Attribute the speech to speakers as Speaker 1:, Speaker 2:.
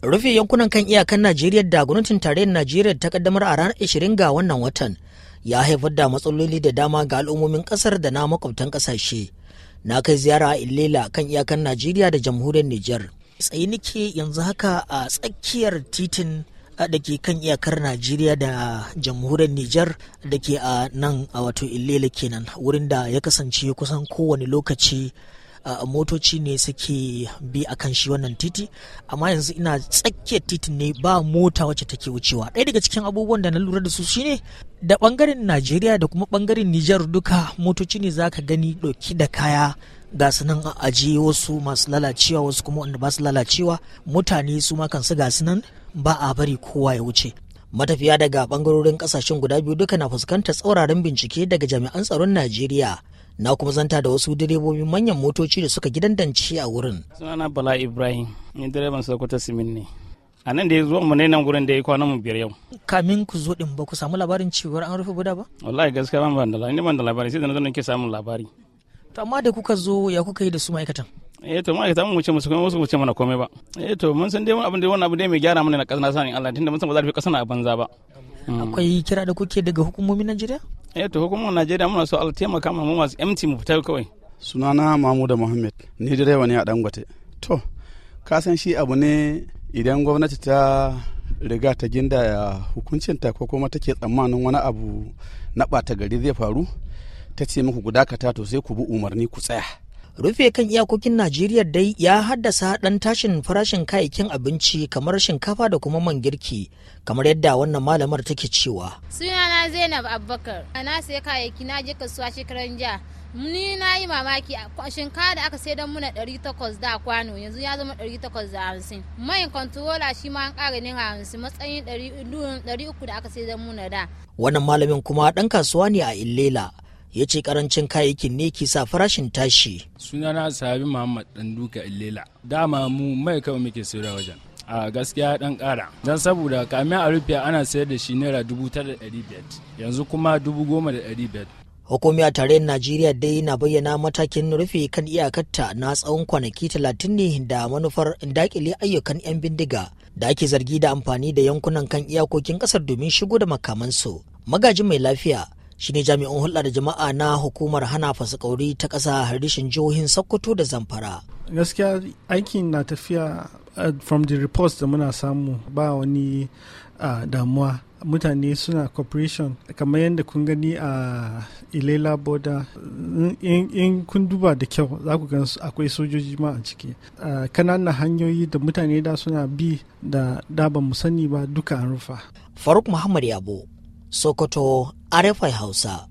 Speaker 1: rufe yankunan kan iyakan najeriya da gwamnatin tarayyar najeriya ta kaddamar a ranar 20 ga wannan watan ya haifar da matsaloli da dama ga al'ummomin kasar da na makwabtan kasashe na kai ziyara a Ilela kan iyakan najeriya da jamhuriyar niger tsaye nake yanzu haka a tsakiyar titin da ke kan iyakar najeriya da jamhuriyar niger da ke a nan a wato Ilela kenan wurin da ya kasance kusan kowane lokaci Ah, motoci ne suke bi a kan shi wannan titi amma yanzu ina tsakiyar titi ne ba mota wacce take wucewa ɗaya daga cikin abubuwan da na lura da su shine da bangaren najeriya da kuma bangaren nijar duka motoci ne za ka gani ɗauki da kaya ga su nan a ajiye wasu masu lalacewa wasu kuma wanda ba su lalacewa mutane su ma kansu ga su nan ba a bari kowa ya wuce matafiya daga bangarorin ƙasashen guda biyu duka na fuskantar tsauraran bincike daga jami'an tsaron najeriya na kuma zanta da wasu direbobin manyan motoci da suka gidandance a wurin.
Speaker 2: Sunana Bala Ibrahim, ni direban Sokoto Simin ne. A nan da ya zuwa mu ne nan gurin da ya kwana mu biyar yau.
Speaker 1: Kamin ku zo din ba ku samu labarin cewar an rufe guda ba?
Speaker 2: Wallahi gaskiya ban ban da labari, ni ban da labari sai da na zo nake samun labari.
Speaker 1: To amma da kuka zo ya kuka yi da su ma'aikatan?
Speaker 2: Eh to ma'aikatan mu ce musu kuma wasu mu ce mana komai ba. Eh to mun san dai abin da wannan abin da mai gyara mana na kasa na sani Allah tunda mun san ba za ta fi kasa na banza ba.
Speaker 1: Akwai kira da kuke daga hukumomin Najeriya?
Speaker 2: eh to hukumar najeriya muna so allah taimaka mu masu mt mu fita kawai sunana mahmuda muhammad ni direba ne a dangote to ka san shi abu ne idan gwamnati ta riga ta ginda hukuncinta ko kuma take tsammanin wani
Speaker 1: abu na ɓata gari zai faru ta ce muku guda ka to sai ku bi umarni ku tsaya rufe kan iyakokin najeriya dai ya haddasa ɗan tashin farashin kayayyakin abinci kamar shinkafa da kuma man girki kamar yadda wannan malamar take cewa sunana zainab abubakar na saya kayayyaki na je kasuwa shekaran jiya ni na yi mamaki shinkafa da aka sai don muna 800 da kwano yanzu ya zama 850 mai kontrola shi ma an ƙara naira hamsin matsayin 300 da aka sai don muna da wannan malamin kuma ɗan kasuwa ne a illela ya ce karancin kayayyakin ne ke sa farashin tashi
Speaker 2: sunana Sabi muhammad Duka illela dama mu mai kawai muke sayar wajen a gaskiya dan kara don saboda kamin a rufe ana sayar da shi naira dubu tara da biyar
Speaker 1: yanzu kuma dubu goma da biyar Hukumiya a tarayyar najeriya dai na bayyana matakin rufe kan iyakarta na tsawon kwanaki talatin ne da manufar dakile ayyukan 'yan bindiga da ake zargi da amfani da yankunan kan iyakokin ƙasar domin shigo da makamansu magajin mai lafiya shine jami'in hulɗa da jama'a na hukumar hana fasakauri ta ƙasa harishin jihohin sokoto da zamfara
Speaker 2: gaskiya aikin na tafiya uh, from the reports da muna samu ba wani uh, damuwa mutane suna cooperation kamar yadda kun gani a ilela border in kun duba da kyau za ku gan akwai sojoji ma a ciki kananan uh, hanyoyi da mutane da suna
Speaker 1: bi da da ba mu sani ba duka an rufa faruk muhammad yabo sokoto arafai House.